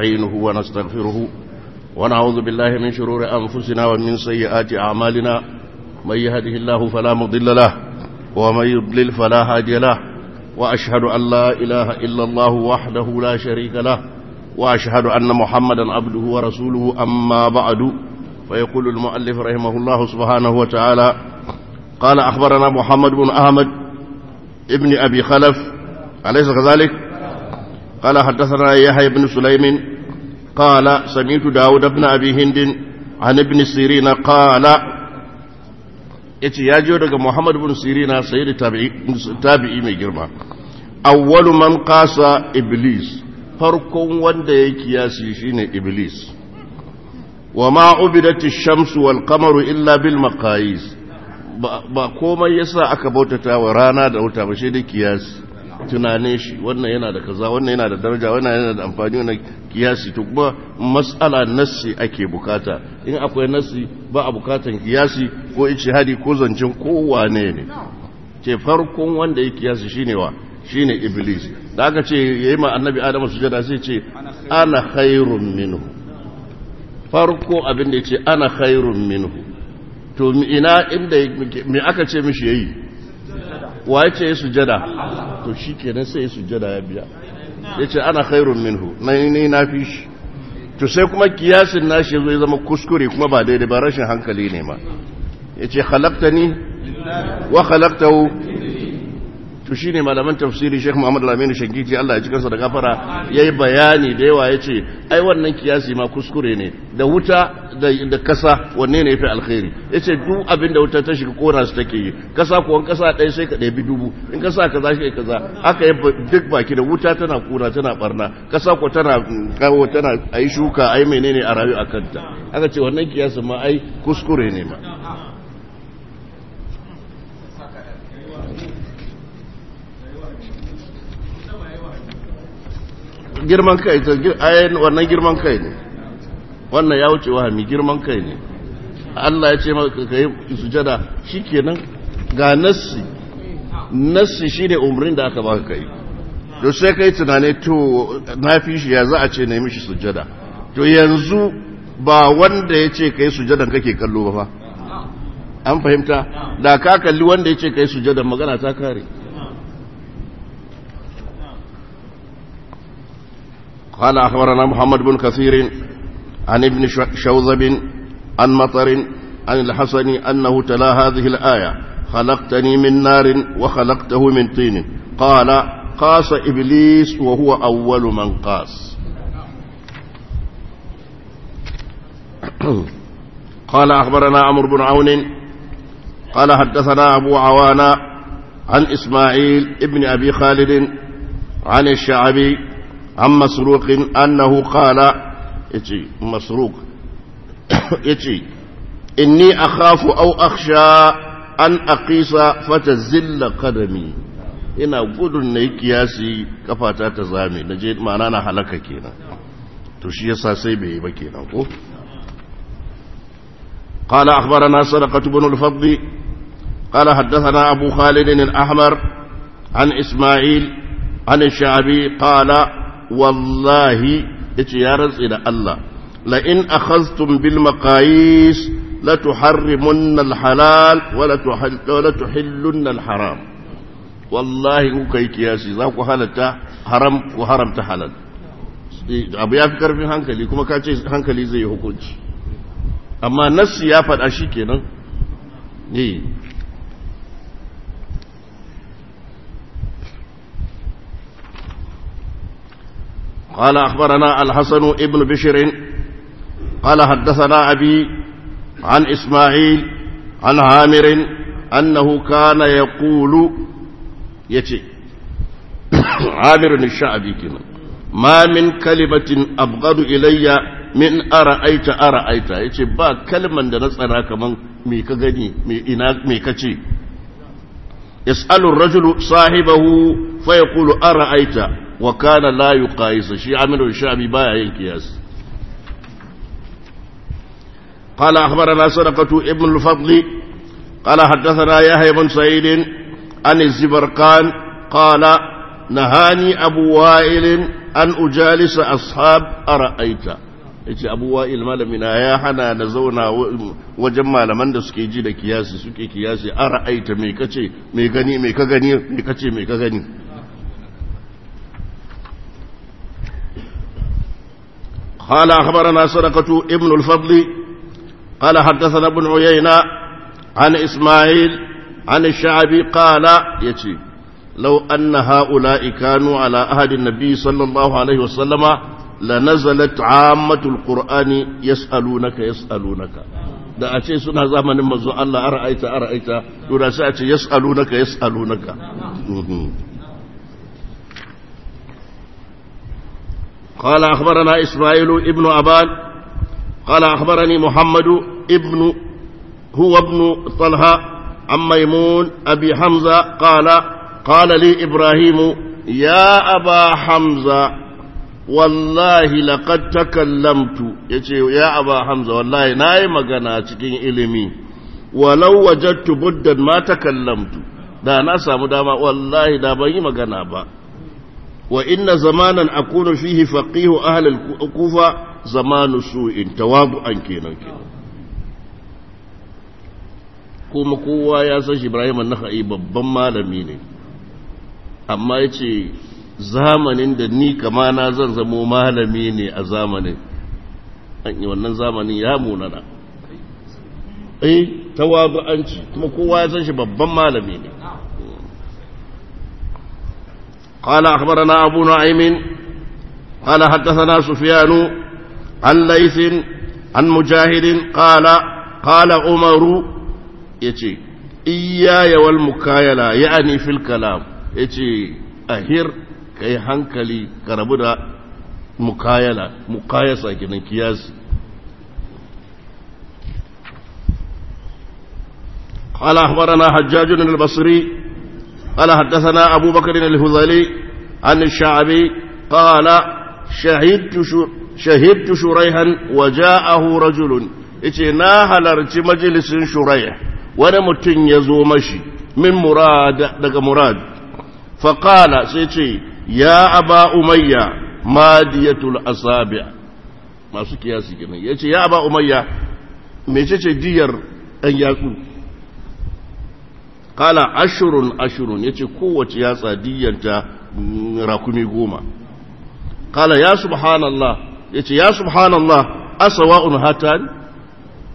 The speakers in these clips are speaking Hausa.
نستعينه ونستغفره ونعوذ بالله من شرور أنفسنا ومن سيئات أعمالنا من يهده الله فلا مضل له ومن يضلل فلا هادي له وأشهد أن لا إله إلا الله وحده لا شريك له وأشهد أن محمدا عبده ورسوله أما بعد فيقول المؤلف رحمه الله سبحانه وتعالى قال أخبرنا محمد بن أحمد ابن أبي خلف أليس كذلك؟ قال حدثنا يحيى بن سليم قال سمعت داود بن أبي هند عن ابن سيرين قال يتي ياجي daga Muhammad bin Sirina sayyid tabi'i tabi'i mai girma awwalu man qasa iblis farkon wanda ya kiyasi shine iblis wa ma ubidati shamsu wal illa bil maqayis ba komai yasa aka bautata wa rana da wuta ba shi da kiyasi tunane shi wannan yana da kaza wannan yana da daraja wannan yana da amfani wannan kiyasi to kuma mas'ala nassi ake bukata in akwai nassi ba a bukatan kiyasi ko hadi ko zancen kowane ne ce farkon wanda ya kiyasi shine wa shine iblis da aka ce yayi ma annabi adamu sujada sai ce ana khairun minhu farko abin da yace ana khairun minhu to ina inda me aka ce mishi yayi wa yace ce sujada to shi kenan sai su sujjada ya biya ya ce ana khairun minhu na ni na fi shi to sai kuma kiyasin nashi ya zo ya zama kuskure kuma ba daidai ba rashin hankali ne ma ya ce halakta ni wa halaktahu to shi ne malaman tafsiri Sheikh Muhammad Lamini Shagiti Allah ya ci kansa da gafara ya yi bayani da yawa ya ce ai wannan kiyasi ma kuskure ne da wuta da kasa wanne ne ya fi alkhairi ce duk abin da wuta ta shiga kora su take yi kasa kuwan kasa ɗaya sai ka ɗabi dubu in kasa kaza shi kaza aka yi duk baki da wuta tana kura tana barna kasa ko tana kawo tana yi shuka ai menene a rayu a kanta aka ce wannan kiyasin ma ai kuskure ne ma girman kai ta ayan wannan girman kai ne wannan ya wuce wahami girman kai ne Allah ya ce maka yi sujada shikenan ga nassi nassi shine umrin da aka baka kai to sai kai tunane to na fi shi ya za a ce na yi mishi sujada to yanzu ba wanda ya ce kai sujadan kake kallo ba an fahimta da ka kalli wanda ya ce kai sujadan magana ta kare قال أخبرنا محمد بن كثير عن ابن شوذب عن مطر عن الحسن أنه تلا هذه الآية خلقتني من نار وخلقته من طين قال قاس إبليس وهو أول من قاس قال أخبرنا عمرو بن عون قال حدثنا أبو عوانا عن إسماعيل ابن أبي خالد عن الشعبي an masruqin annahu qala yace masruq yace inni akhafu au akhsha an aqisa zilla qadami ina gudun na yi kiyasi kafata ta zame na je ma'ana na halaka kenan to shi yasa sai bai yi ba kenan ko قال أخبرنا سرقة بن الفضل قال حدثنا أبو خالد الأحمر عن إسماعيل عن الشعبي قال wallahi yace ya rantse da Allah la in akhaztum bil maqayis la tuharrimunna al halal wa la tuhillunna al haram wallahi kuka yi kiyasi za ku halatta haram ku haramta halal abu ya fi karfin hankali kuma ka ce hankali zai yi hukunci amma nassi ya faɗa shi kenan قال أخبرنا الحسن ابن بشر قال حدثنا أبي عن إسماعيل عن عامر أنه كان يقول يتي عامر الشعبي كنا ما من كلمة أبغض إلي min ara'aita ara'aita yace ba kaliman da na tsara kaman me ka gani me ina me kace yas'alu ar-rajulu sahibahu fa yaqulu ara'aita wa kana la yuqaisa shi amiru shabi baya yin kiyasi qala akhbarana sadaqatu ibn al-fadl qala hadathana yahya ibn sa'id an zibarqan qala nahani abu wa'il an ujalisa ashab ara'aita yace abu wa'il malamin ya hana da zauna wajen malaman da suke ji da kiyasi suke kiyasi ara'aita me kace me gani me ka gani me kace me ka gani قال أخبرنا سرقة ابن الفضل قال حدثنا ابن عيينة عن إسماعيل عن الشعبي قال يتي لو أن هؤلاء كانوا على أهل النبي صلى الله عليه وسلم لنزلت عامة القرآن يسألونك يسألونك da a ce suna zamanin manzo Allah ara'aita ara'aita to da sai a ce yas'alunaka yas'alunaka قال أخبرنا إسماعيل ابن أبان قال أخبرني محمد ابن هو ابن طلحة عن ميمون أبي حمزة قال قال لي إبراهيم يا أبا حمزة والله لقد تكلمت يا أبا حمزة والله نايم قناتكين إلمي ولو وجدت بدا ما تكلمت da na samu dama wallahi da ban yi magana ba wa inna zamanan akunu fihi faqihu ahli al-kufa zamanu su'in an kenan kenan kuma kowa ya san Ibrahim an-Nakhai babban malami ne amma yace zamanin da ni kama na zan zamo malami ne a zamanin an yi wannan zamanin ya munana eh ci kuma kowa ya san shi babban malami ne قال أخبرنا أبو نعيم قال حدثنا سفيان عن ليث عن مجاهد قال قال عمر يتي إياي والمكايلة يعني في الكلام يتي أهر كي هنكلي كربنا مكايلة مقايسة كنا كياس قال أخبرنا حجاج البصري قال حدثنا أبو بكر الهذلي عن الشعبي قال شهدت a شريحا وجاءه رجل yace na halarci majalisin shuraya wani mutum ya zo mashi min murad daga murad faƙala sai ce ya aba umayya madiyatul asabi masu kiyasi ginin ya ce ya aba umayya mece diyar ɗan yatsu kala ashirin ashirin ya ce kowace yatsa diyyanta rakumi goma kala ya subhanallah ya ce ya subhanallah asawa'un hatan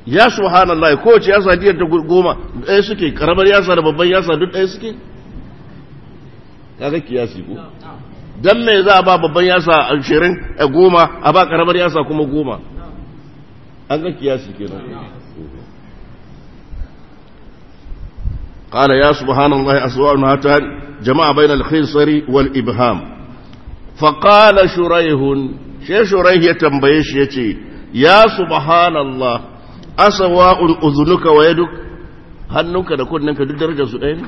ya subhanallah kowace yatsa diyyanta goma ɗaya suke karamar yatsa da babban yatsa duk ɗaya suke kaga kiyasi ko don me za a ba babban yasa ashirin goma a ba karamar yasa kuma goma an ga kiyasi kenan قال يا سبحان الله أسوأ هاتان جمع بين الخنصر والإبهام فقال شريه شي شريه يتنبيش يتي يا سبحان الله أسواء أذنك ويدك هنك نكون ننك دل درجة سؤالي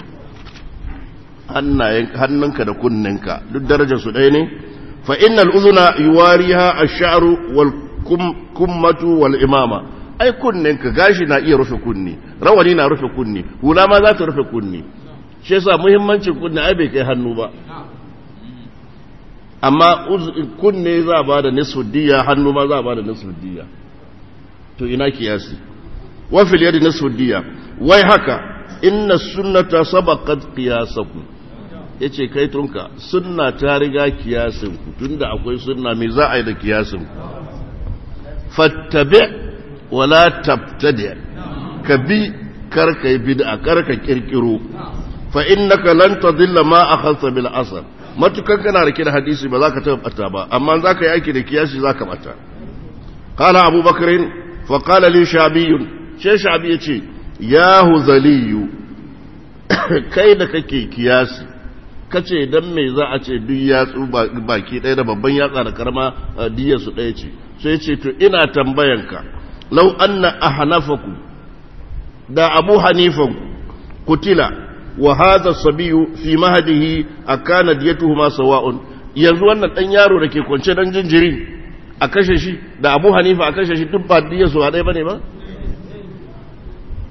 hannunka da kunninka duk darajar su ɗaya ne fa innal uzuna yuwariha ash-sha'ru wal kummatu wal imama ai kunnen ka gashi na iya rufe kunni rawani na rufe kunni hula ma za ta rufe kunni shi yasa muhimmancin kunne ai bai kai hannu ba amma kunne za ba da nisuddiya hannu ma za ba da nisuddiya to ina kiyasi fil yadi nisuddiya wai haka inna sunnata sabaqat qiyasakum yace kai tunka sunna ta riga kiyasin ku tunda akwai sunna me za a yi da kiyasin ku fattabi' wala tabtadi ka bi karka yi bid'a karka kirkiro fa innaka lan tadilla ma a bil asr matukan kana rike da hadisi ba za ka taɓa bata ba amma za ka yi aiki da kiyasi za ka bata qala abu bakrin fa qala li shabi she shabi yace ya huzali kai da kake kiyasi kace dan me za a ce duk yatsu baki ɗaya da babban yatsa da karama diyar su ɗaya ce sai ce to ina tambayanka lau anna ahnafaku da abu hanifan kutila wa hadha sabiyu fi mahadihi akana diyatuhu ma sawa'un yanzu wannan ɗan yaro da ke kwance dan jinjiri a kashe shi da abu hanifa a kashe shi duk ba diyar su haɗai ba ne ba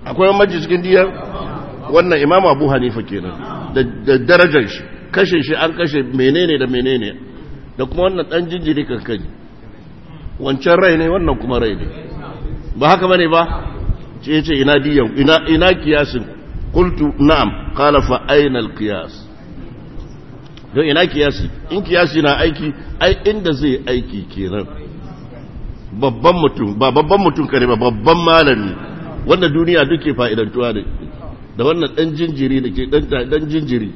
akwai maji cikin diyar wannan imam abu hanifa kenan da darajar shi kashe shi an kashe menene da menene da kuma wannan ɗan jinjiri kankani wancan rai ne wannan kuma rai ne ba haka bane ba ce ce ina diyan ina ina kiyasin qultu na'am qala fa ayna alqiyas don ina kiyasi in kiyasi na aiki ai inda zai aiki kenan babban mutum ba babban mutum kare ba babban malami wanda duniya duke fa'idantuwa ne da wannan dan jinjiri da ke dan dan jinjiri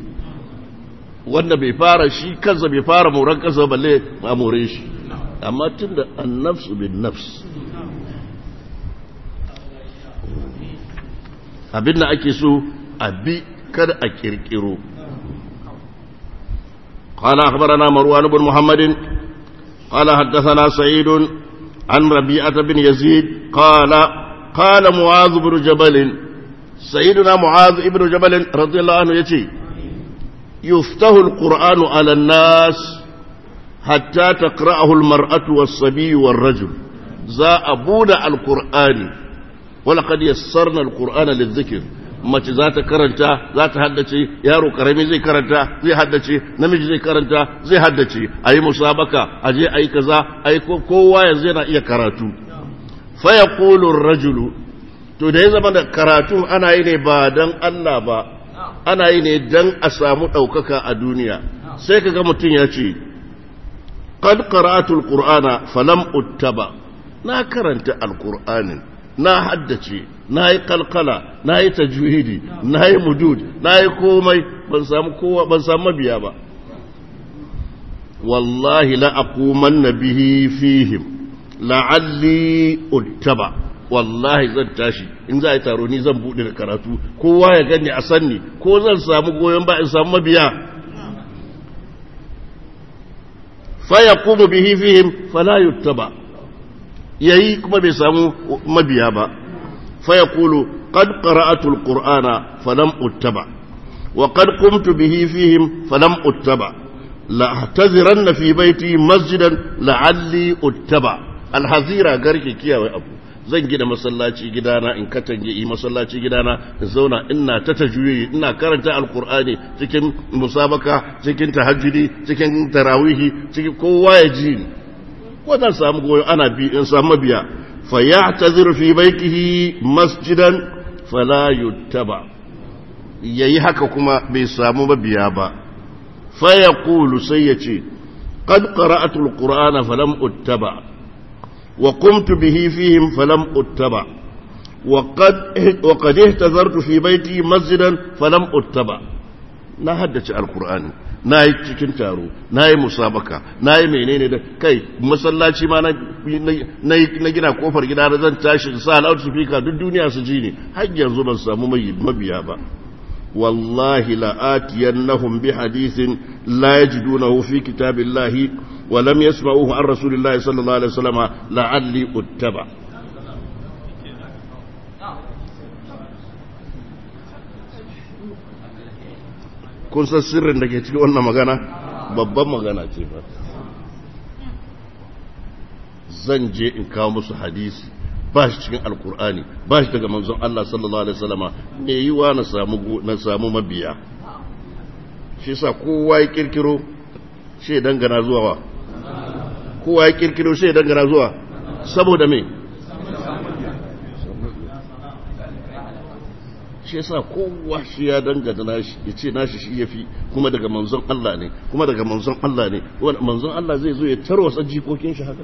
wanda bai fara shi kansa bai fara moran kansa balle ba more shi amma tunda nafsu bin nafs abin da ake so a bi kar a kirkiro قال أخبرنا مروان بن محمد قال حدثنا سعيد عن ربيعة بن يزيد قال قال معاذ بن جبل سيدنا معاذ بن جبل رضي الله عنه يتي يفتح القرآن على الناس حتى تقرأه المرأة والصبي والرجل za a buɗe alkur'ani wala qad yassarna alqur'ana lidhikr mace za ta karanta za ta haddace yaro karami zai karanta zai haddace namiji zai karanta zai haddace a yi musabaka a je a yi kaza a yi kowa yanzu yana iya karatu faya kulun rajulu to da ya zama da karatu ana yi ne ba don Allah ba ana yi ne don a samu ɗaukaka a duniya sai kaga mutum ya ce qad qara'atul qur'ana falam uttaba na karanta alqur'anin na haddace na yi kalkala na yi tajwidi na yi mudud na yi komai ban samu kowa ban samu mabiya ba wallahi la aquman bihi fihim la'alli uttaba wallahi zan tashi in za a yi taro ni zan buɗe da karatu kowa ya gani a sanni ko zan samu goyon ba in samu mabiya fa yaqumu bihi fihim fala yuttaba yayi kuma bai samu mabiya ba fa yaqulu qad qara'atu alqur'ana falam uttaba wa qad qumtu bihi fihim falam uttaba la ahtaziranna fi baiti masjidan la'alli uttaba alhazira garke kiyawai abu zan gina masallaci gidana in katange yi masallaci gidana in zauna ina ta tajuyi ina karanta alkur'ani cikin musabaka cikin tahajjudi cikin tarawihi cikin kowa ya ji ni wadan samu goyon ana bi in samu mabiya fa ya'tazir fi baitihi masjidan fala yuttaba yayi haka kuma bai samu mabiya ba fa yaqulu sai yace qad qara'atu alqur'ana falam uttaba wa qumtu bihi fihim falam uttaba na haddace alkur'ani na yi cikin taro na yi musabaka na yi menene da kai masallaci ma na gina kofar gida na zan tashi sa speaker duk duniya su ji ne har yanzu ban samu mabiya ba wallahi la'atiyannahum bi hadithin la yajidunahu fi kitabillahi wa lam yasma'uhu an rasulillahi sallallahu uttaba kun san sirrin da ke cikin wannan magana babban magana ce ba zan je in kawo musu hadisi ba shi cikin alkur'ani ba shi daga manzon Allah sallallahu alaihi wasallama me yiwa na samu na samu mabiya shi yasa kowa ya kirkiro shi dangana zuwa wa kowa ya kirkiro shi dangana zuwa saboda me shi yasa kowa shi ya dangata nashi ya ce nashi shi yafi kuma daga manzon Allah ne kuma daga manzon Allah ne manzon Allah zai zo ya tarwasa jikokin shi haka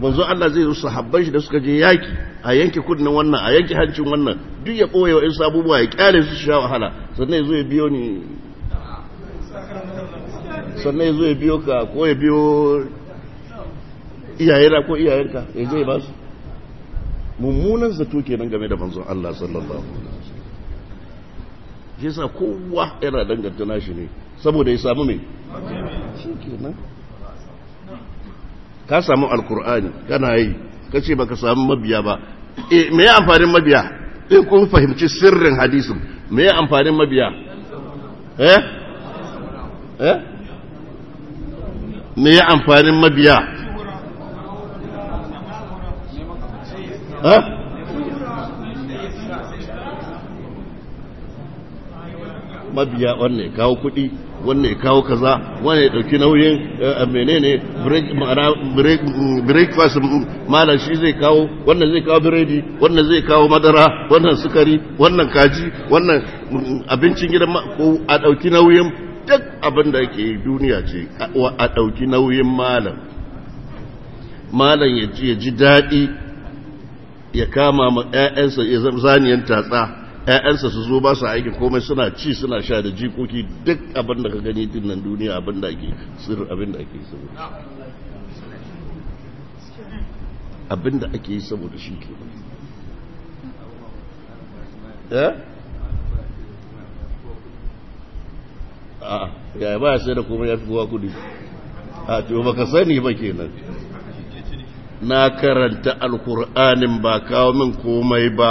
manzon Allah zai zo sahabban shi da suka je yaki a yanke kudin wannan a yanke hancin wannan duk ya koya wa insu abubuwa ya kyale su sha wahala sannan ya zo ya biyo ni sannan ya zo ya biyo ka ko ya biyo iyayena ko iyayenka ya je ba su mummunan zato kenan game da manzon Allah sallallahu alaihi yasa kowa yana danganta nashi ne saboda ya samu me. shi kenan ka samu alkur'ani kana yi ka ce baka samu mabiya ba e me ya amfanin mabiya in eh, kun fahimci sirrin hadisin me ya amfanin mabiya eh eh me ya amfanin mabiya mabiya wannan ya kawo kuɗi wannan ya kawo kaza wannan ya ɗauki nauyin eh, menene breakfast malam shi zai kawo wannan zai kawo biredi wannan zai kawo madara wannan sukari wannan kaji wannan mm, abincin gidan ko a ɗauki nauyin duk abin da ke duniya ce a ɗauki nauyin malam malam ya ji daɗi ya kama ma ƴaƴansa ya zaniyan tatsa ƴaƴansa su zo ba su aiki komai suna ci suna sha da jikoki duk abin da ka gani din nan duniya abin da ake sirri abin da ake saboda abin da ake yi saboda shi ke eh? ya ba sai da komai ya fi kowa kudi a to ka sani ba kenan na karanta alkur'anin ba kawo min komai ba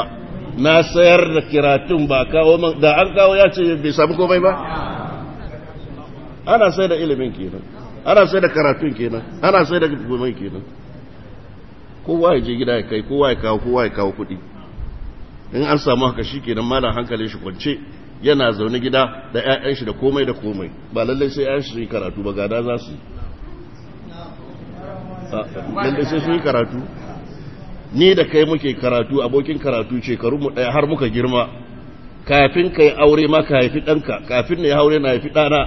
na sayar da kiratun ba kawo min da an kawo ya ce bai samu komai ba ana sai da ilimin kenan ana sai da karatun kenan ana sai da komai kenan kowa ya je gida ya kai kowa ya kawo kowa ya kawo kuɗi in an samu haka shi kenan malam hankalin shi kwance yana zaune gida da 'ya'yan shi da komai da komai ba lallai sai 'ya'yan shi karatu ba gada za su yi lalle sai sun yi karatu ni da kai muke karatu abokin karatu shekaru mu ɗaya har muka girma kafin ka yi aure ma ka haifi ɗanka kafin na yi aure na haifi ɗana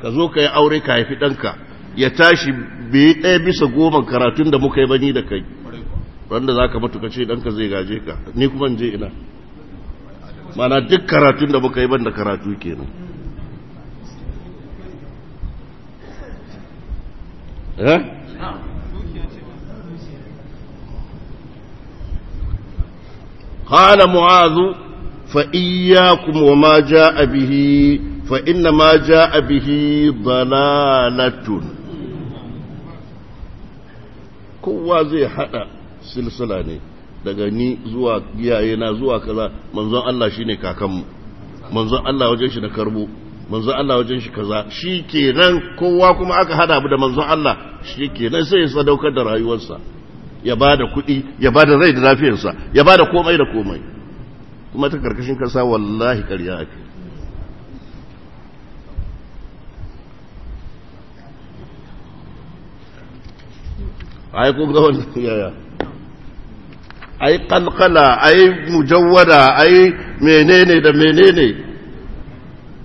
ka zo ka yi aure ka haifi ɗanka ya tashi bai ɗaya bisa goma karatun da muka yi bani da kai wanda za ka mutu ka ce ɗanka zai gaje ka ni kuma je ina mana duk karatun da muka yi ban da karatu kenan eh قال معاذ فإياكم وما جاء به فإن ما جاء به ضلالة kowa zai حدا سلسلة ne daga ni zuwa iyaye na zuwa kaza manzon Allah shine kakanmu manzon Allah wajen shi na karbo manzon Allah wajen shi kaza shi ke nan kowa kuma aka hada abu da manzon Allah shi ke nan sai ya sadaukar da rayuwarsa ya ba da kuɗi ya ba da rai da lafiyarsa ya ba da komai da komai kuma ta karkashin kasa wallahi ƙarya ake ai ko ga wannan yaya ai kalkala ai mujawwada ai menene da menene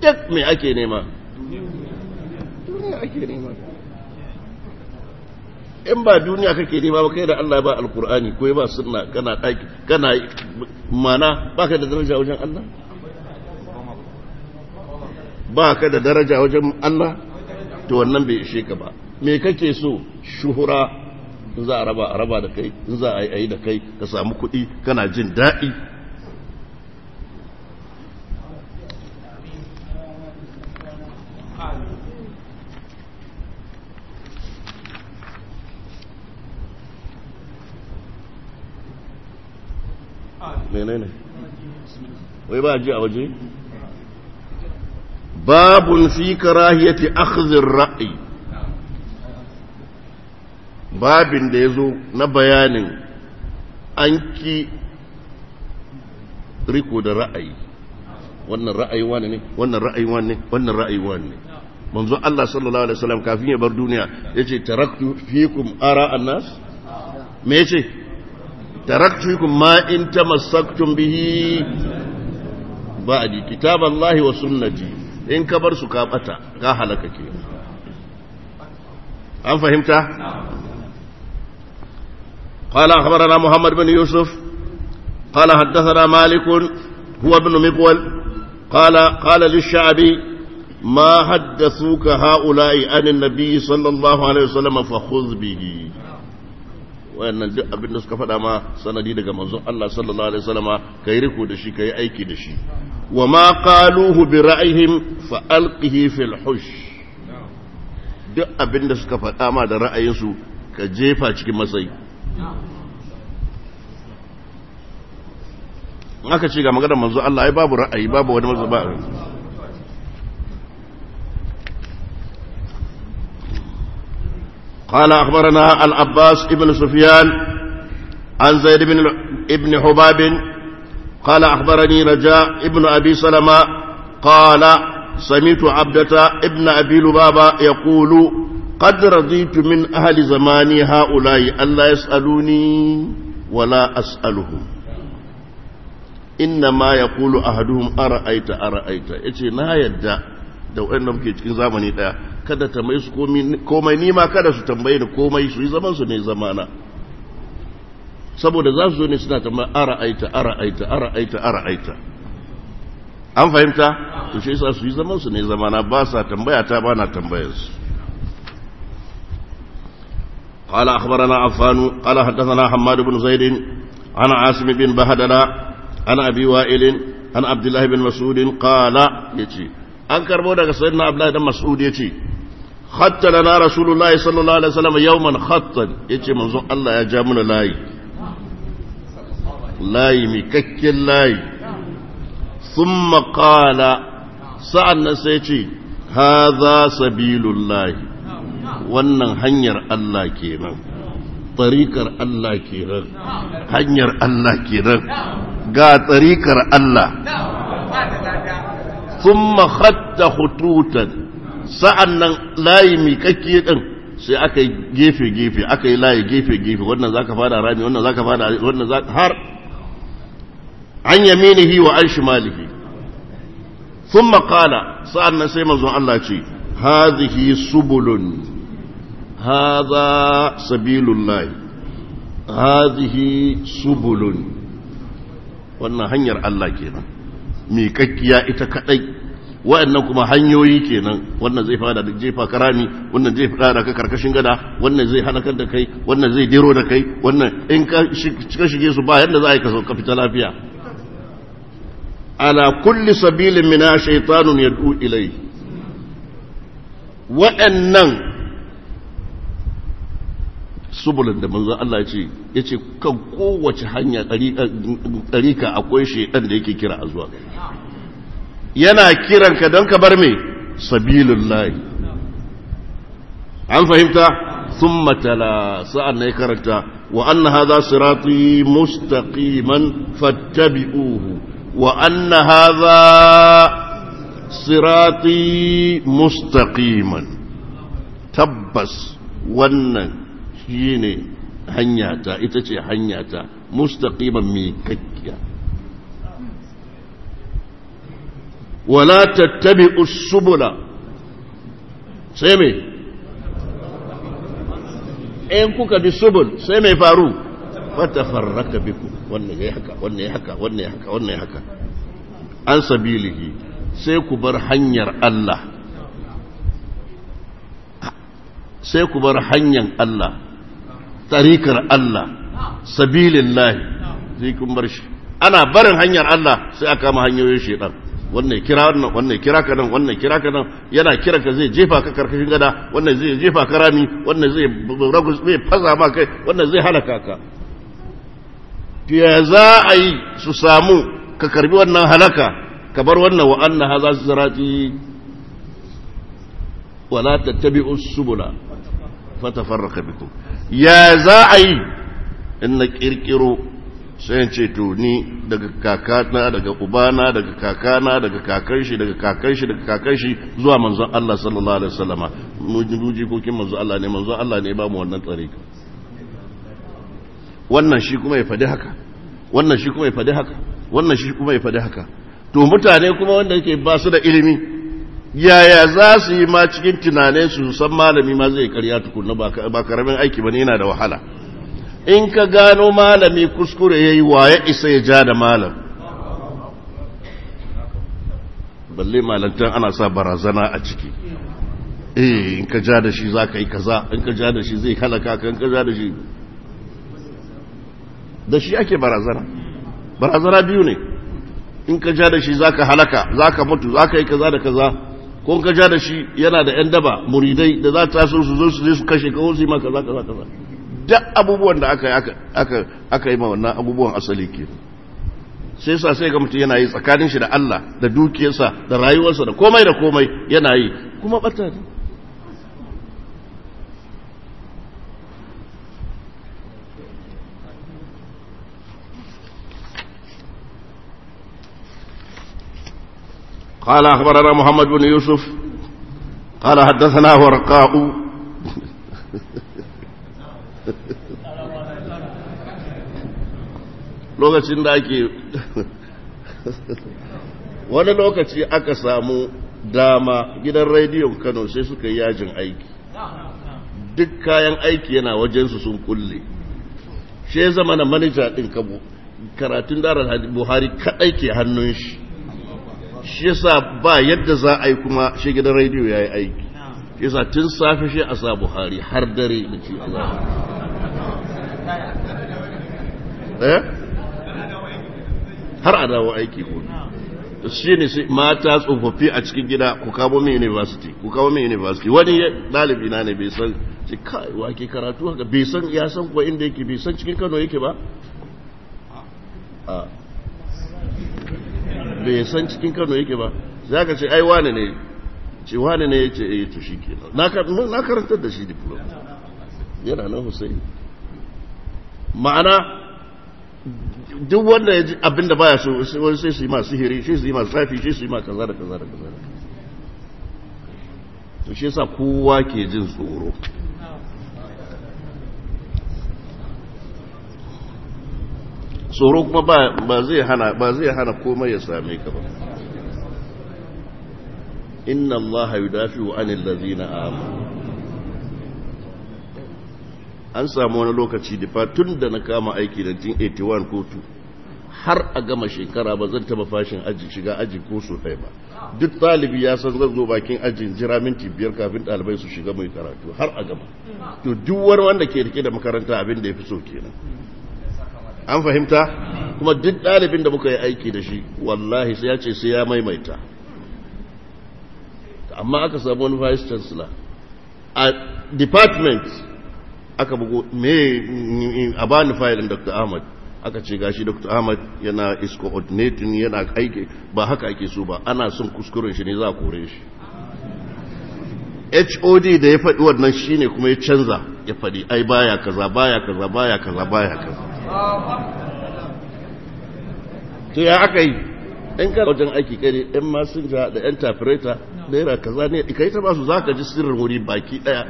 duk mai ake nema in ba duniya kake nema ba kai da Allah ba alkur'ani ko ba sunna kana daki kana mana baka da daraja wajen Allah baka da daraja wajen Allah to wannan bai ishe ka ba me kake so shuhura in za a raba a raba da kai in za a yi da kai ka samu kuɗi kana jin daɗi wai ba ji a waje babun fi karahiyati akhdhir ra'i babin da yazo na bayanin an riko da ra'ayi wannan ra'ayi wani ne wannan ra'ayi wani ne wannan ra'ayi wani ne manzo Allah sallallahu alaihi wasallam kafin ya bar duniya yace taraktu fiikum ara annas me yace taraktu fiikum ma in tamassaktum bihi ba'di kitaballahi wa sunnati in ka bar su ka bata ka halaka ke an fahimta قال أخبرنا محمد بن يوسف قال حدثنا مالك هو ابن مقول قال قال للشعبي ما حدثوك هؤلاء عن النبي صلى الله عليه وسلم فخذ به wayannan duk abin da suka faɗa ma sanadi daga manzon Allah sallallahu alaihi wasallama kai riko da shi kai aiki da shi wa ma qaluhu bi ra'ihim fa alqihi fil hush duk abin da suka faɗa ma da ra'ayinsu ka jefa cikin matsayi in aka ce ga maganar manzo Allah ai babu ra'ayi babu wani mazaba قال أخبرنا العباس ابن سفيان عن زيد بن ابن حباب قال أخبرني رجاء ابن أبي سلمة قال سمعت عبدة ابن أبي لبابة يقول قد رضيت من أهل زماني هؤلاء ألا يسألوني ولا أسألهم إنما يقول أحدهم أرأيت أرأيت إتي لا يدّى da waɗanda muke cikin zamani ɗaya kada mai su komai nima kada su tambaye ni komai su yi zaman su ne zamana saboda za su zo ne suna tambaye ara aita ara aita ara aita ara aita an fahimta to shi yasa su yi zaman su ne zamana ba sa tambaya ta ba na tambayar su قال أخبرنا عفان قال حدثنا حماد بن زيد عن عاصم بن بهدلة عن أبي وائل عن عبد الله بن مسعود قال يتي an karbo daga sayyidina abdullahi dan mas'ud yace hatta lana rasulullahi sallallahu alaihi wasallam yawman khattan yace manzon Allah ya ja mana layi layi mi kakken layi thumma qala sa'annan sai yace hadha sabilullahi wannan hanyar Allah kenan tariƙar Allah kenan hanyar Allah kenan ga tariƙar Allah thumma khatta khututan sa'annan layi miƙaƙƙe ɗin sai aka yi gefe gefe aka yi layi gefe gefe wannan za zaka fada rami wannan zaka fada wannan zaka har an yaminihi wa an shimalihi thumma qala sa'annan sai manzon Allah ce hadhihi subulun هذا سبيل الله هذه subulun. wannan hanyar Allah kenan miƙakkiya ita kaɗai. wa'annan kuma hanyoyi kenan wannan zai fada da jefa karami wannan zai fada ka karkashin gada wannan zai halakar da kai wannan zai dero da kai wannan in ka shige su ba yadda za a yi ka fita lafiya ala kulli sabilin mina shaitanun ya du ilai waɗannan subulin da manzo Allah ya ce ya ce kan kowace hanya ɗarika akwai shaidan da yake kira a zuwa yana kiranka don ka bar me sabilullahi an fahimta sun matala sa'an na karanta wa anna haza sirati mustaqiman fattabi'uhu wa anna haza sirati mustaqiman tabbas wannan shine hanyata ita ce hanyata mustaqiman mai wala tattabi usubula sai me in kuka bi subul sai mai faru fata farraka biku wannan ya haka wannan ya haka wannan ya haka wannan ya haka an sabilihi sai ku bar hanyar Allah sai ku bar hanyar Allah tarikar Allah sabilillahi sai kun bar shi ana barin hanyar Allah sai aka kama hanyoyin shedan wannan kira wannan wannan kira ka nan wannan kira ka nan yana kira ka zai jefa ka karkashin gada wannan zai jefa ka rami wannan zai ragu zai faza ma kai wannan zai halaka ka to ya za a yi su samu ka karbi wannan halaka ka bar wannan wa anna haza sirati wala tattabi'u subula fatafarraqa bikum ya za a yi in na kirkiro sai ce to ni daga kakana daga ubana daga kakana daga kakanshi shi daga kakanshi shi daga kakanshi shi zuwa manzon Allah sallallahu alaihi wasallama ko kin manzon Allah ne manzon Allah ne ba mu wannan ka wannan shi kuma ya fadi haka wannan shi kuma ya fadi haka wannan shi kuma ya fadi haka to mutane kuma wanda yake ba su da ilimi yaya za su yi ma cikin tunanin su san malami ma zai karya tukunna ba karamin aiki bane yana da wahala in ka gano malami kuskure ya yi waye isa ya ja da malam balle malantan ana sa barazana a ciki eh in ka ja da shi za ka yi kaza in ka ja da shi zai halaka ka in ka ja da shi da shi ake barazana barazana biyu ne in ka ja da shi za ka halaka za ka mutu za ka yi kaza da kaza ko in ka ja da shi yana da 'yan daba muridai da za ta so su zo su je su kashe kawo su yi maka za ka za ka za duk abubuwan da aka yi ma wannan abubuwan asali ke sai sa sai ga mutum yana yi tsakanin shi da Allah da dukiyarsa da rayuwarsa da komai da komai yana yi kuma ɓata ne قال أخبرنا محمد بن يوسف قال حدثنا ورقاء lokacin da ake wani lokaci aka samu dama gidan rediyon kano sai suka yi yajin aiki duk kayan aiki yana wajensu sun kulle shi zama na manija ɗin kabo karatun darar buhari kaɗai ke hannun shi shi sa ba yadda za a yi kuma shi gidan rediyo ya yi aiki yasa tun safe shi a sa buhari har dare da ci Allah eh? har a dawo aiki ko shi ne sai mata tsofaffi a cikin gida ku kawo min university ku kawo min university wani dalibi na ne bai san ce kai wa ke karatu haka bai san ya san kuwa inda yake bai san cikin Kano yake ba bai san cikin Kano yake ba ka ce ai wani ne ce wani ne ya ce eh to shi kenan na karantar da shi diploma yana nan Hussein ma'ana duk wanda ya ji abin da baya so sai su yi masu hiri shi su yi masu safi shi su yi masu kaza da kaza da kaza to shi yasa kowa ke jin tsoro tsoro kuma ba zai hana komai ya same ka ba inna Allah yudafi'u anil ladzina amanu an samu wani lokaci da tun da na kama aiki 1981 ko 2 har a gama shekara ba zan taba fashin aji shiga aji ko so ɗaya ba duk ɗalibi ya san zan zo bakin ajin jira minti biyar kafin ɗalibai su shiga mai karatu har a gama to duk wani wanda ke rike da makaranta abin da ya fi so kenan an fahimta kuma duk ɗalibin da muka yi aiki da shi wallahi sai ya ce sai ya maimaita amma aka samu wani vice chancellor a department aka bugu me a bani fayilin dr ahmad aka ce gashi dr ahmad yana is coordinating yana aiki ba haka ake so ba ana son kuskuren shi ne za a kore shi hod da ya faɗi wannan shi ne kuma ya canza ya faɗi ai baya kaza baya kaza baya kaza baya kaza to ya aka yi in ka wajen aiki kai ne yan masinja da yan tafireta naira kaza ne kai ta basu za ka ji sirrin wuri baki daya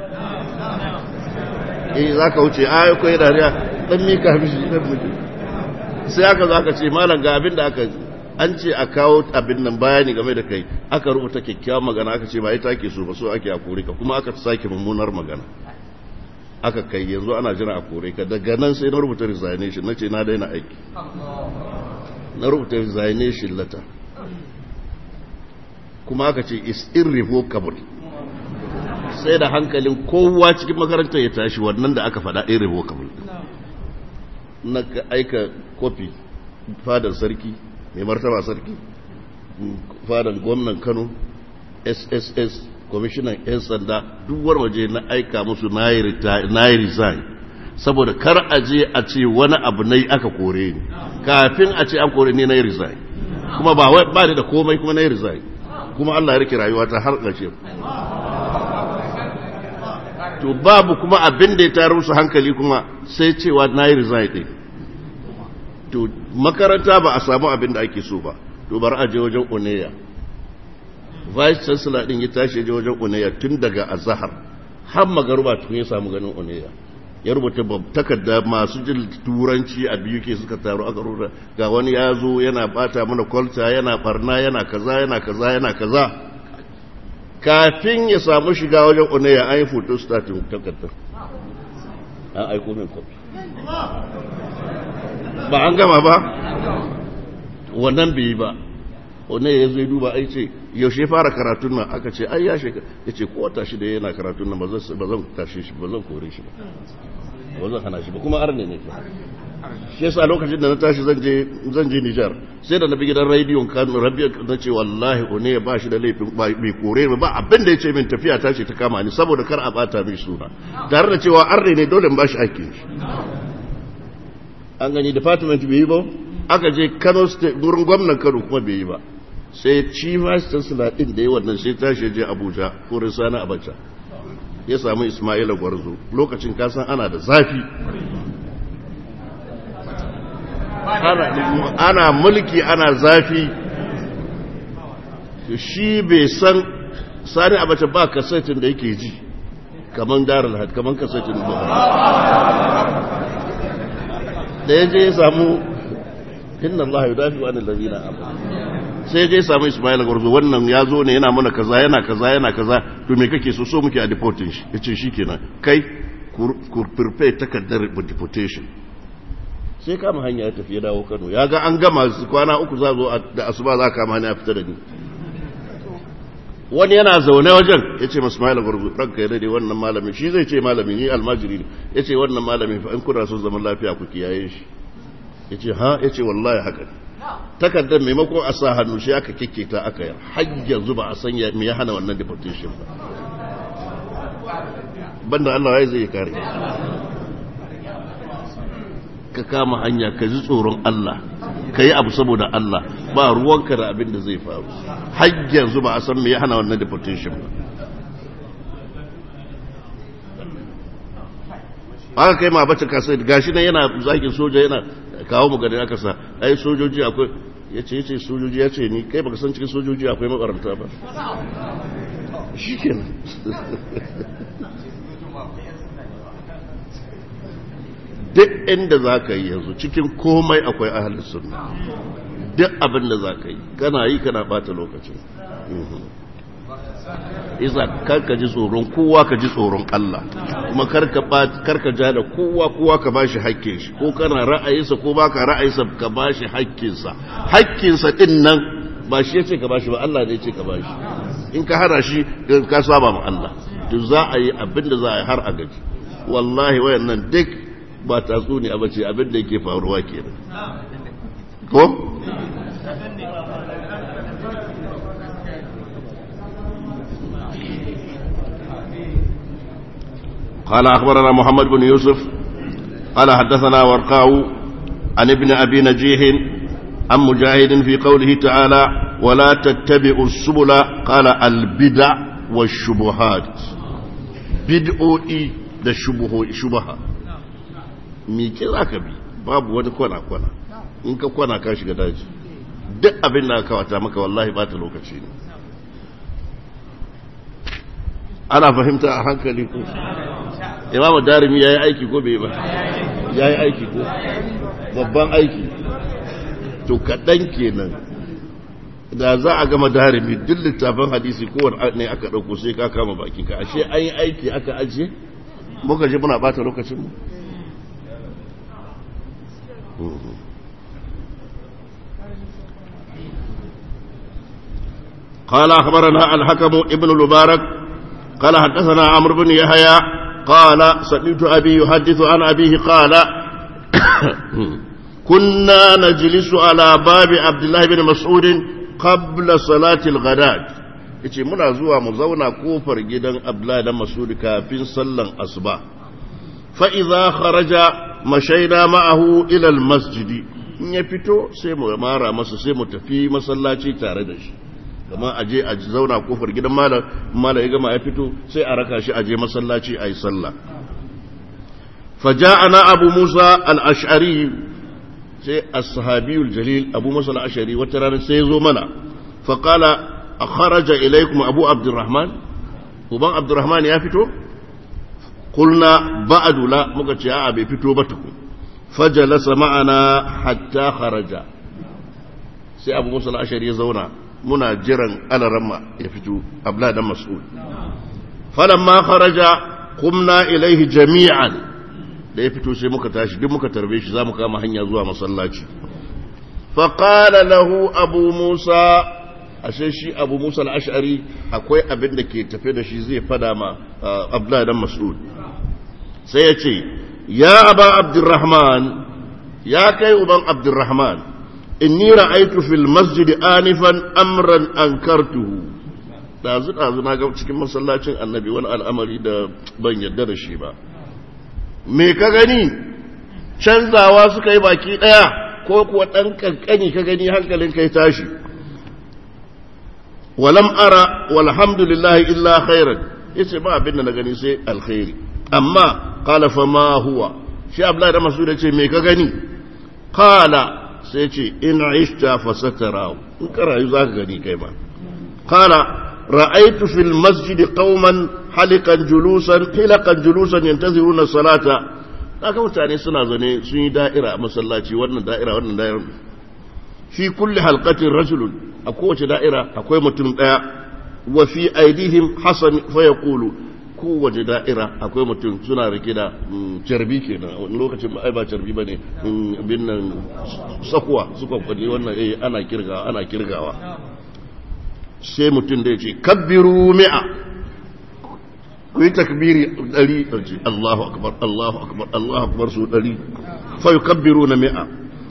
eh za ka wuce a ko yana riya dan mika mishi dan mutum sai aka za ka ce malam ga abin da aka an ce a kawo abin nan bayani game da kai aka rubuta kyakkyawan magana aka ce ba ita take so ba so ake a kore ka kuma aka sake mummunar magana aka kai yanzu ana jira a kore ka daga nan sai na rubuta resignation na ce na daina aiki na rubuta shi lata kuma aka ce is irrevocable sai da hankalin kowa cikin makarantar ya tashi wannan da aka faɗa irrevocable na aika kofi fadar sarki mai martaba sarki fadar gwamnan kano sss commissioner 'yan sanda duk warwaje na aika musu na yi resign saboda kar a je a ce wani abu na yi aka kore ni kafin a ce an kore ni na yi resign kuma ba ba da komai kuma na yi resign kuma Allah ya rike rayuwa ta har ƙarshe to babu kuma abin da ya taro su hankali kuma sai cewa na yi resign ɗin to makaranta ba a samu abin da ake so ba to bar a je wajen oneya vice chancellor ɗin ya tashi je wajen oneya tun daga azahar har magaruba tun ya samu ganin oneya ya rubuta takarda masu jin turanci a biyu ke suka taru aka rubuta ga wani ya zo yana bata mana kwalta yana barna yana kaza yana kaza yana kaza kafin ya samu shiga wajen ya an yi foto statin takardar an aiko min kofi ba an gama ba wannan bai yi ba wanda ya zai duba ai ce yaushe fara karatun nan aka ce ai ya shekara ya ce ko wata da yana karatun nan ba zan tashi shi ba zan kore shi ba ba zan hana shi ba kuma arne ne shi yasa lokacin da na tashi zan je Nijar sai da na bi gidan rediyon Kano Rabia na ce wallahi one ba shi da laifin bai kore ba ba abin da ce min tafiya ta ce ta kama ni saboda kar a bata min suna tare da cewa arne ne dole in shi hakkin shi an gani department bai yi ba aka je Kano state gurin gwamnan Kano kuma bai yi ba sai ci vice chancellor da ya wannan sai tashi je abuja ko risana abacha ya samu ismaila gwarzo lokacin kasan ana da zafi ana mulki ana zafi shi bai san sani abacha ba kasaitin da yake ji kaman darul had kamar kasaitin da ya je ya samu inna allah yudafi wa anil ladina abu sai ya samu Ismail Gwarzo wannan ya zo ne yana mana kaza yana kaza yana kaza to me kake so so muke a deportin shi yace kenan kai ku prepare takardar deportation sai kama hanya ya tafi ya dawo Kano ya ga an gama kwana uku za zo da asuba za kama hanya fita da ni wani yana zaune wajen ya ce masu malam gurgu ranka ya dade wannan malamin shi zai ce malamin ni almajiri ne ya ce wannan malamin in kuna son zaman lafiya ku kiyaye shi ya ce ha ya ce wallahi haka ne takardar maimakon a sa hannu shi aka ta aka yi hajjar zuba a sanya mai hana wannan deportation ba banda Allah ya zai kare ka kama hanya ka ji tsoron Allah ka yi abu saboda Allah ba ruwanka da abin da zai faru hajjar zuba a san mai hana wannan deportation ba aka kai ma bata kasai gashi nan yana zagin soja yana kawo mu gani aka sa ai sojoji akwai ya ce ce sojoji ya ce ni kai baka san cikin sojoji akwai makaranta ba shi kenan duk inda za ka yi yanzu cikin komai akwai ahalin sunna duk abin da za ka yi kana yi kana bata lokacin mhm. isa karka ji tsoron kowa ka ji tsoron Allah kuma karka karka ja da kowa kowa ka bashi hakkin shi ko kana ra'ayinsa ko baka ra'ayinsa ka bashi sa hakkin sa din nan ba shi yace ka bashi ba Allah ne yace ka bashi in ka hana shi ka saba ma Allah to za a yi abin da za a yi har a gaji wallahi wayannan duk ba tatsuniya bace abin da yake faruwa kenan ko قال أخبرنا محمد بن يوسف قال حدثنا ورقاء عن ابن أبي نجيح عن مجاهد في قوله تعالى ولا تتبعوا السبل قال البدع والشبهات بدعوئي da shubaha me ke za ka bi babu wani kwana-kwana in ka kwana ka shiga daji duk abin da aka wata maka wallahi ba ta lokaci ne ana fahimta a hankali ko imamu darimi ya yi aiki ko bai ba ya yi aiki ko babban aiki to kaɗan kenan da za a gama darimi duk littafin hadisi kowane aka ɗauko sai ka kama baki ka ashe an yi aiki aka ajiye muka je muna bata lokacin mu قال أخبرنا الحكم ابن المبارك قال حدثنا عمرو بن يحيى قال سمعت أبي يحدث عن أبيه قال كنا نجلس على باب عبد الله بن مسعود قبل صلاة الغداء yace muna zuwa mu zauna kofar gidan Abdullahi dan Mas'ud kafin sallan asuba fa kharaja mashaina ma'ahu ila al-masjid in ya fito sai mu mara masa sai mu tafi masallaci tare da shi kamar a je a zauna kofar gidan malam malam ya gama ya fito sai a raka shi a je masallaci a yi sallah faja'ana abu musa al-ash'ari sai ashabiyul jalil abu musa al-ash'ari wata ranar sai ya zo mana fa qala akhraja ilaykum abu abdurrahman uban abdurrahman ya fito qulna ba'du la muka ce a bai fito ba tukun fajalasa ma'ana hatta kharaja sai abu musa al-ash'ari ya zauna muna jiran alarama ya fito abla da mas'ud ma faraja kumna ilaihi jami'an da ya fito sai muka tashi duk muka tarbe shi mu kama hanya zuwa masallaci fa lahu abu musa ashe shi abu musa al akwai abin da ke tafe da shi zai fada ma abla da mas'ud sai ya ce ya aba abdurrahman ya kai uban abdurrahman inni ra'aitu fil masjid anifan amran ankartuhu dazu dazu na ga cikin masallacin annabi wani al'amari da ban yarda da shi ba me ka gani canzawa suka yi baki daya ko kuwa dan kankani ka gani hankalin kai tashi walam ara walhamdulillah illa khairan yace ba abin da na gani sai alkhairi amma qala fa ma huwa shi abdullahi da da ce me ka gani qala sai ce ina ishta fasatarahu in ka rayu za ka gani kai ma qala ra'aytu fil masjid qauman halikan julusan halikan julusan yantaziruna salata kaga mutane suna zane sun yi da'ira a masallaci wannan da'ira wannan da'ira fi kulli halqatin rajulun a kowace da'ira akwai mutum daya wa fi aidihim hasan fa yaqulu kowace da'ira akwai mutum suna rike da mm, carbi ke na wani lokacin ai ba carbi ba ne mm, bin nan sakuwa suka kwaje wannan eh ana kirgawa ana kirgawa sai mutum da ya ce kabbiru mi'a ku yi takbiri ɗari ɗarci Allahu akbar Allahu akbar Allahu akbar su ɗari fayu kabbiru na mi'a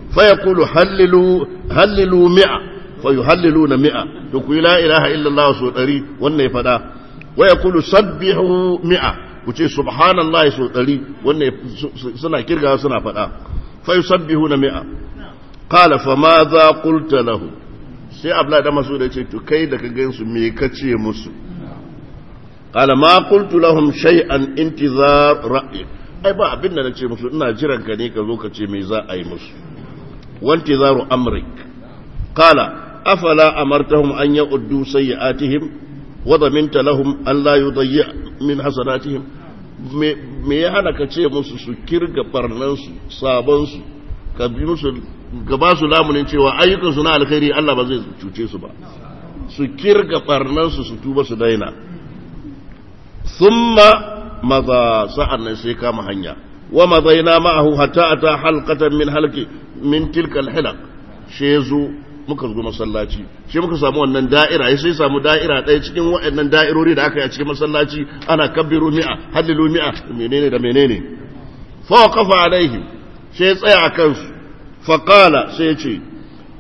fa kulu hallilu mi'a fayu hallilu na mi'a to ku yi la ilaha illallah su ɗari wannan ya faɗa. wa Kulu sabbihu mi'a ku ce subhanallahi su ɗari wannan suna kirga suna faɗa fa na mi'a qala fa ma za qulta lahu sai abla da masu da ce to kai daga gansu me ka ce musu qala ma qultu lahum shay'an intizar ra'i ai ba abin da na ce musu ina jiran ka ne ka zo ka ce me za a yi musu ru amrik qala afala amartahum an ya'uddu sayyi'atihim وضمنت لهم أن لا يضيع من حسناتهم me ya hana ka ce musu su kirga barnansu sabonsu ka bi lamunin cewa ayyukansu na alkhairi Allah ba zai cuce su ba su kirga barnansu su tuba su daina summa maza sa'an nan sai kama hanya wa mazaina ma'ahu a ata halqatan min halqi min tilka alhilaq shezu muka zo masallaci shi muka samu wannan da'ira sai samu da'ira ɗaya cikin waɗannan da'irori da aka yi a cikin masallaci ana kabbiru mi'a hallilu mi'a menene da menene fa kafa alaihi sai ya tsaya a kansu fa qala sai ya ce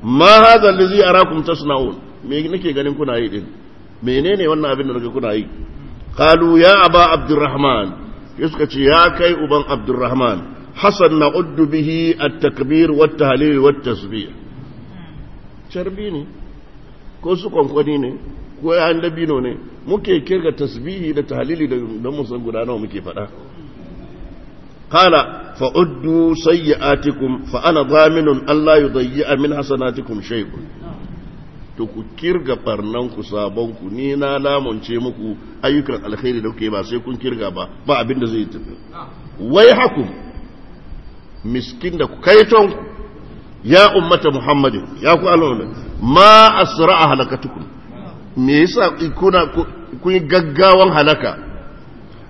ma hadha allazi arakum tasna'un me nake ganin kuna yi din menene wannan abin da kuna yi qalu ya aba abdurrahman sai ce ya kai uban abdurrahman hasan na'uddu bihi at-takbir wat-tahlil wat-tasbih carbi ne ko su kwankwani ne ko yayan dabino ne muke kirga tasbihi da tahlili da don musan guda nawa muke faɗa Kala. fa uddu sayyi'atikum fa ana dhaminun Allah yudayyi'a min hasanatikum shay'un to ku kirga barnan ku sabon ku ni na lamunce muku ayyukan alkhairi da kuke ba sai kun kirga ba ba abin da zai tafi wai hakum miskin da ku kaiton ku ya ummata muhammadin ya ku al'umma ma asra'a halakatukum me yasa kuna kun gaggawan halaka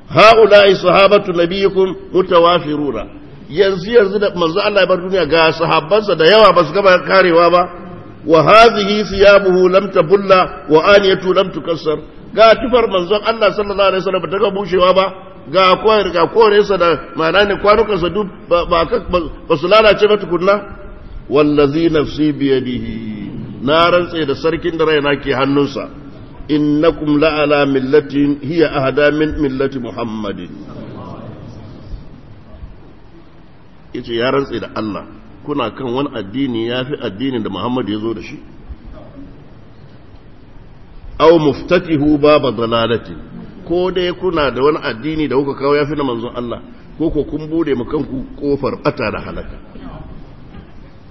haula sahabatu nabiyikum mutawafiruna yanzu yanzu da manzo Allah bar duniya ga sahabbansa da yawa basu gaba karewa ba wa hadhihi siyabuhu lam tabulla wa aniyatu lam tukassar ga tufar manzon Allah sallallahu alaihi wasallam ta ga bushewa ba ga kwa ga kore sa da ma'ana ne kwanukan sa duk ba ba su lalace ba tukunna wallazi nafsi biyadihi na rantse da sarkin da raina ke hannunsa innakum la'ala millati hiya ahada min millati muhammadin yace ya rantse da Allah kuna kan wani addini yafi addinin da Muhammad ya zo da shi aw muftatihu baba dalalati ko dai kuna da wani addini da kuka kawo yafi na manzon Allah ko ko kun bude mu kanku kofar bata da halaka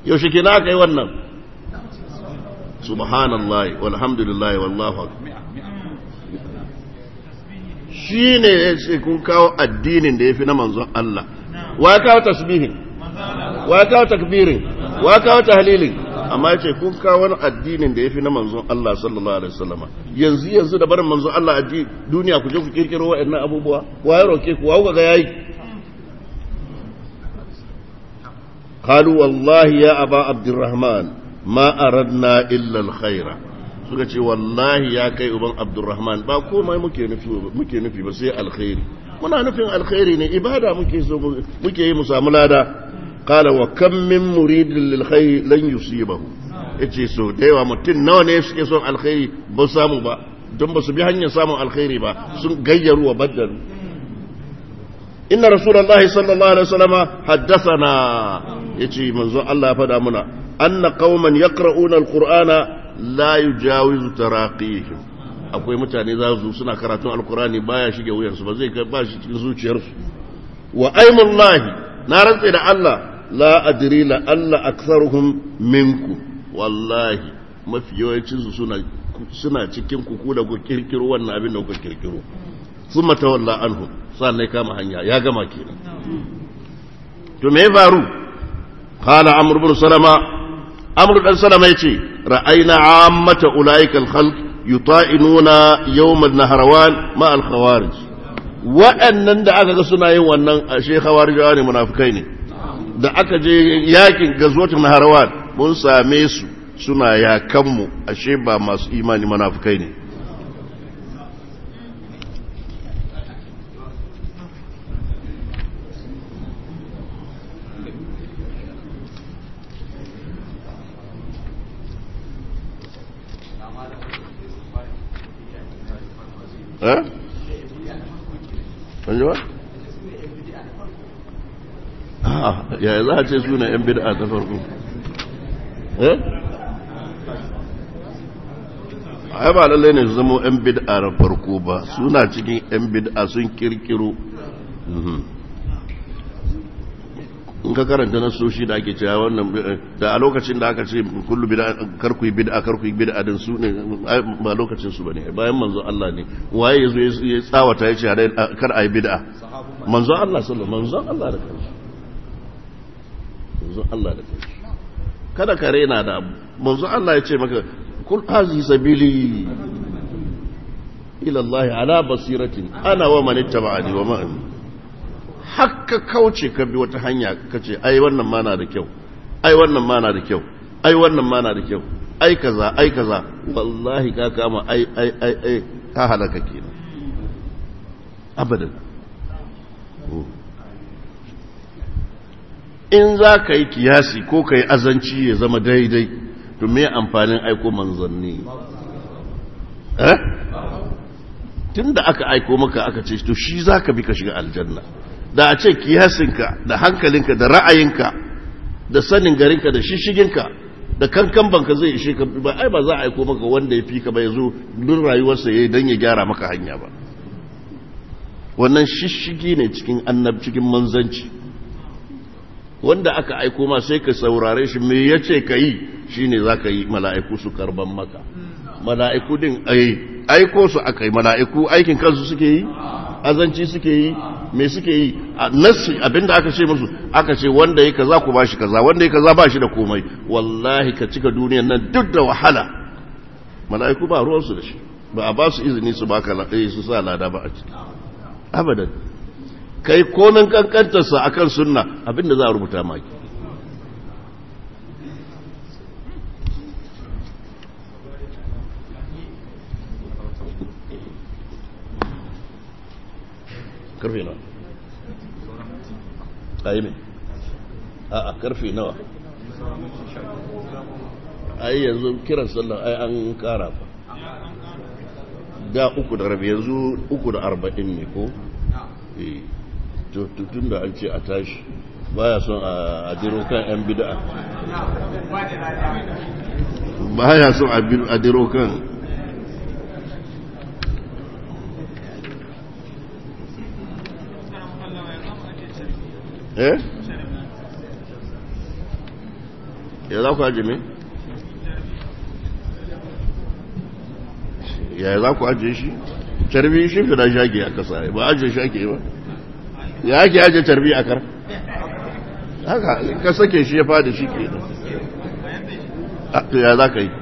yaushe ke na kai wannan subhanallah walhamdulillah wallahu shi ne ya ce kun kawo addinin da ya fi na manzon Allah wa kawo tasbihin wa kawo takbirin wa kawo tahlilin amma ya ce kun kawo wani addinin da ya fi na manzon Allah sallallahu alaihi wasallama yanzu yanzu da barin manzon Allah addini duniya ku je ku kirkiro wa'annan abubuwa wa ya roke ku wa kuka ga yayi qalu wallahi ya aba abdurrahman ma aradna illa alkhaira suka ce wallahi ya kai uban abdurrahman ba komai muke nufi ba sai alkhairi muna nufin alkhairi ne ibada muke so muke yi mu samu lada qala wa kam min muridin lil khair lan yusibahu yace so da yawa mutum nawa ne suke son alkhairi ba samu ba don ba su bi hanyar samun alkhairi ba sun gayyaru wa baddalu inna rasulullahi sallallahu alaihi wasallama haddathana yace manzo Allah ya fada muna anna qauman yaqra'una alqur'ana la yujawizu taraqihim akwai mutane za su suna karatun alqur'ani baya shige su ba zai kai ba shi cikin zuciyarsu wa aymullahi na rantse da Allah la adri la alla aktharuhum minku wallahi mafi yawancin su suna suna cikin ku da ku kirkiro wannan abin da ku kirkiro summa tawalla anhum sannan kama hanya ya gama kenan to me faru qala salama salama amr dan salama yace ra'ayna ammata ulaika al-khalq yuta'inuna yau mai na ma ma’al khawarij Waɗannan da aka ga suna yin wannan ashe khawarijawa ne munafukai ne da aka je yakin na harawar mun same su suna yakanmu ashe ba masu imani munafukai ne eh ah, ya za a ce suna yan bid'a ta farko eh ai ba lalle ne su zama yan bid'a na farko ba suna cikin yan bid'a sun kirkiro mhm. in ka karanta na soshi da ake cewa wannan da a lokacin da aka ce kullu bid'a karku bid'a karku bid'a din su ne ba lokacin su bane bayan manzo Allah ne waye yazo ya tsawata ya ce kar ayi bid'a manzo Allah sallallahu manzo Allah da kai manzo Allah da kai kada ka rena da abu manzo Allah ya ce maka kul hazi sabili ila Allah ala basiratin ana wa man ittaba'ani wa ma'ani hakka kauce ka bi wata hanya ka ce ai wannan ma na da kyau ai wannan ma na da kyau ai wannan ma na da kyau ai kaza ai kaza wallahi ka kama ai ai ai ai ka halaka kenan abadan in za ka yi kiyasi ko ka yi azanci ya zama daidai to me amfanin aiko manzanni eh tun da aka aiko maka aka ce to shi za ka bi ka shiga aljanna da a ce kiyasinka da hankalinka da ra'ayinka da sanin garinka da shishiginka da kankan banka zai ishe ka ba ai ba za a aiko maka wanda ya fi ka ba ya zo dun rayuwarsa ya dan ya gyara maka hanya ba wannan shishigi ne cikin annab cikin manzanci wanda aka aiko ma sai ka saurare shi me yace ka yi shi ne yi mala'iku su karban maka hmm. mala'iku din aiko su aka mala'iku aikin kansu suke yi ah. azanci suke yi me suke yi nassi abinda aka ce musu aka ce wanda yake kaza ku bashi kaza wanda yake kaza shi da komai wallahi ka cika duniyar nan duk da wahala mala'iku ba ruwan su da shi ba a ba su izini su baka eh, su sa lada ba a ciki abadan kai konan kankantarsa akan sunna abinda za a rubuta maki karfe nawa min a a karfe nawa yi yanzu kiran sallar ai an kara ba da uku da rabi yanzu uku da arba'in ne ko eh, tun da an ce a tashi baya son a diro kan 'yan ba baya son a diro kan Eh? ya za ku ajiye me ya za ku ajiye shi carbi shi fi da shage a kasa ba ajiye shi ake ba ya ake ajiye carbi a kar haka ka sake shi ya fada shi ke ya za ka yi